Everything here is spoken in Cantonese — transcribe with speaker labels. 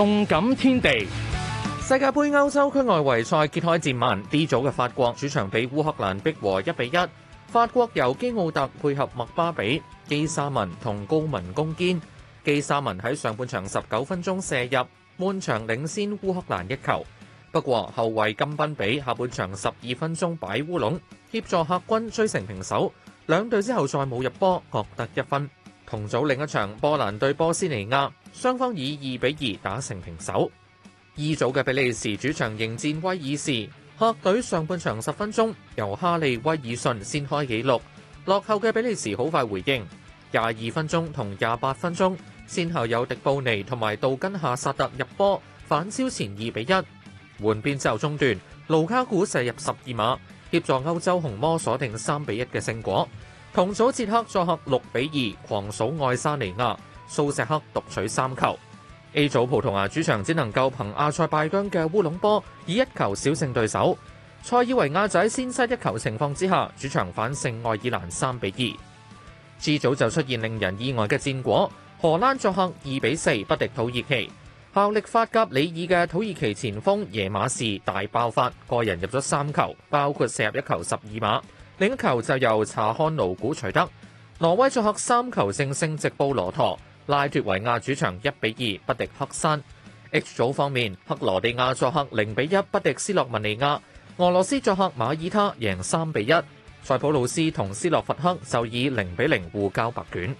Speaker 1: 動感天地，世界盃歐洲區外圍賽揭開戰幔，D 組嘅法國主場被烏克蘭逼和一比一。法國由基奧特配合麥巴比、基沙文同高文攻堅，基沙文喺上半場十九分鐘射入，半場領先烏克蘭一球。不過後衛金賓比下半場十二分鐘擺烏龍，協助客軍追成平手。兩隊之後再冇入波，各得一分。同組另一場芬蘭對波斯尼亞，雙方以二比二打成平手。二組嘅比利時主場迎戰威爾士，客隊上半場十分鐘由哈利威爾遜先開紀錄，落後嘅比利時好快回應，廿二分鐘同廿八分鐘先後有迪布尼同埋杜根夏薩特入波，反超前二比一。換邊之後中段，盧卡古射入十二碼，協助歐洲紅魔鎖定三比一嘅勝果。同組捷克作客六比二狂數愛沙尼亞，蘇錫克獨取三球。A 組葡萄牙主場只能夠憑阿塞拜疆嘅烏龍波以一球小勝對手。塞爾維亞仔先失一球情況之下，主場反勝愛爾蘭三比二。G 組就出現令人意外嘅戰果，荷蘭作客二比四不敵土耳其。效力法甲里爾嘅土耳其前鋒耶馬士大爆發，個人入咗三球，包括射入一球十二碼。另一球就由查漢奴古取得，挪威作客三球正勝升直布羅陀，拉脱維亞主場一比二不敵黑山。H 組方面，克羅地亞作客零比一不敵斯洛文尼亞，俄羅斯作客馬爾他贏三比一，塞浦路斯同斯洛伐克就以零比零互交白卷。